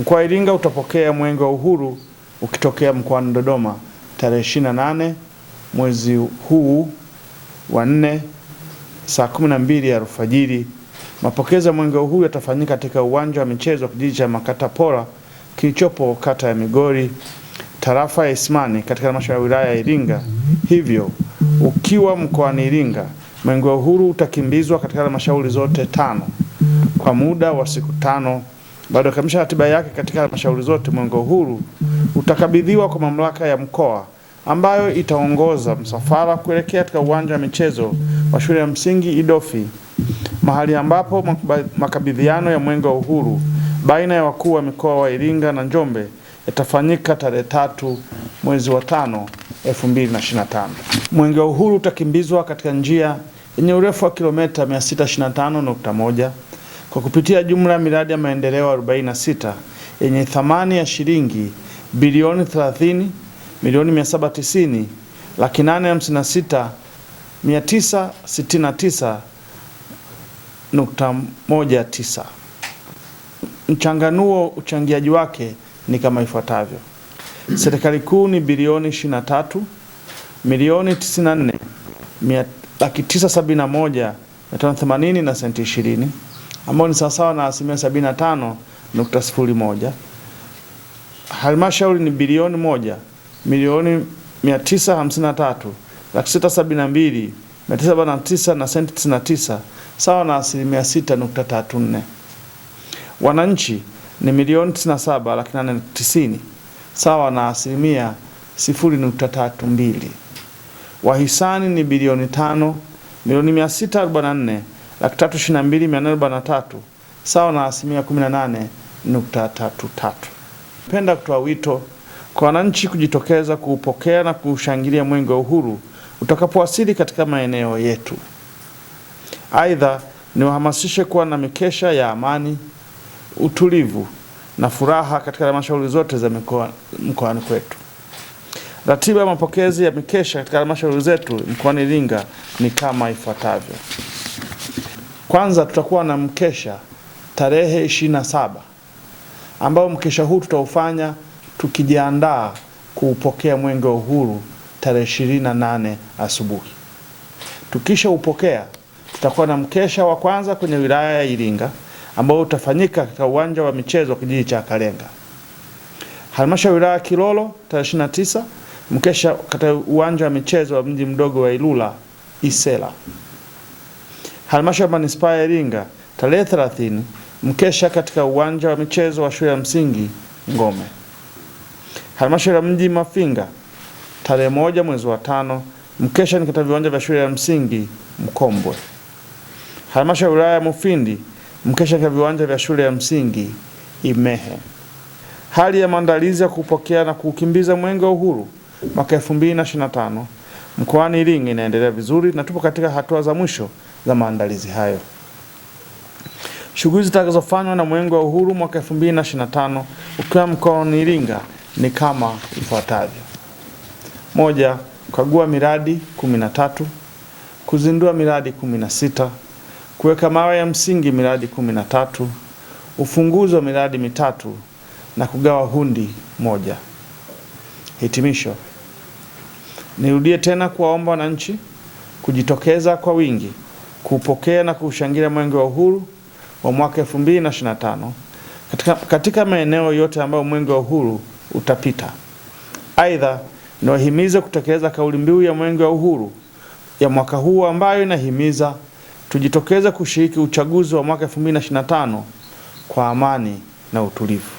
Mkoa wa Iringa utapokea Mwenge wa Uhuru ukitokea mkoani Dodoma tarehe 28 mwezi huu wa nne saa 12 alfajiri. Mapokezi ya Mwenge wa Uhuru yatafanyika katika uwanja wa michezo wa kijiji cha Makatapora kilichopo kata ya Migori tarafa ya Isimani katika halmashauri ya wilaya ya Iringa. Hivyo ukiwa mkoani Iringa, Mwenge wa Uhuru utakimbizwa katika halmashauri zote tano kwa muda wa siku tano bado kamisha ratiba yake katika halmashauri zote mwengo huru utakabidhiwa kwa mamlaka ya mkoa ambayo itaongoza msafara kuelekea katika uwanja wa michezo wa shule ya msingi Idofi, mahali ambapo makabidhiano ya mwenge wa uhuru baina ya wakuu wa mikoa wa Iringa na Njombe yatafanyika tarehe tatu mwezi wa tano 2025. Mwenge wa uhuru utakimbizwa katika njia yenye urefu wa kilomita 625.1 kwa kupitia jumla ya miradi ya maendeleo 46 yenye thamani ya shilingi bilioni 30 milioni 790 laki 856 969.19. Mchanganuo uchangiaji wake ni kama ifuatavyo: serikali kuu ni bilioni 23 milioni 94 laki 971 580 na senti 20 ambao ni sawasawa na asilimia 75.01. Halmashauri ni bilioni moja milioni 953 laki sita sabini na mbili mia tisa arobaini na tisa na senti tisini na tisa sawa na asilimia 6.34. Wananchi ni milioni 97 laki nane tisini sawa na asilimia 0.32. Wahisani ni bilioni tano milioni mia sita arobaini na nne laki tatu ishirini na mbili mia nane arobaini na tatu sawa na asilimia 18.33. Napenda kutoa wito kwa wananchi kujitokeza kuupokea na kuushangilia mwenge wa uhuru utakapowasili katika maeneo yetu. Aidha, niwahamasishe kuwa na mikesha ya amani, utulivu na furaha katika halmashauri zote za mkoani kwetu. Ratiba ya mapokezi ya mikesha katika halmashauri zetu mkoani Iringa ni kama ifuatavyo. Kwanza tutakuwa na mkesha tarehe 27 ambao mkesha huu tutaufanya tukijiandaa kuupokea mwenge wa uhuru tarehe 28 asubuhi tukisha upokea tutakuwa na mkesha wa kwanza kwenye wilaya ya Iringa ambao utafanyika katika uwanja wa michezo kijiji cha Kalenga. Halmashauri ya wilaya Kilolo tarehe 29 mkesha katika uwanja wa michezo wa mji mdogo wa Ilula Isela halmashauri ya manispaa ya Iringa tarehe 30 mkesha katika uwanja wa michezo wa shule ya msingi Ngome. Halmashauri ya mji Mafinga tarehe moja mwezi wa tano mkesha ni katika viwanja vya shule ya msingi Mkombwe. Halmashauri ya wilaya ya Mufindi mkesha katika viwanja vya shule ya msingi Imehe. Hali ya maandalizi ya kupokea na kukimbiza mwenge wa uhuru mwaka 2025 mkoani Iringa inaendelea vizuri na tupo katika hatua za mwisho za maandalizi hayo. Shughuli zitakazofanywa na Mwenge wa Uhuru mwaka 2025 ukiwa mkoani Iringa ni kama ifuatavyo: moja, kukagua miradi 13, kuzindua miradi 16, kuweka mawe ya msingi miradi 13, ufunguzi wa miradi mitatu na kugawa hundi moja. Hitimisho, nirudie tena kuwaomba wananchi kujitokeza kwa wingi kupokea na kuushangilia mwenge wa uhuru wa mwaka 2025 katika, katika maeneo yote ambayo mwenge wa uhuru utapita. Aidha, niwahimize kutekeleza kauli mbiu ya mwenge wa uhuru ya mwaka huu ambayo inahimiza tujitokeze kushiriki uchaguzi wa mwaka 2025 kwa amani na utulivu.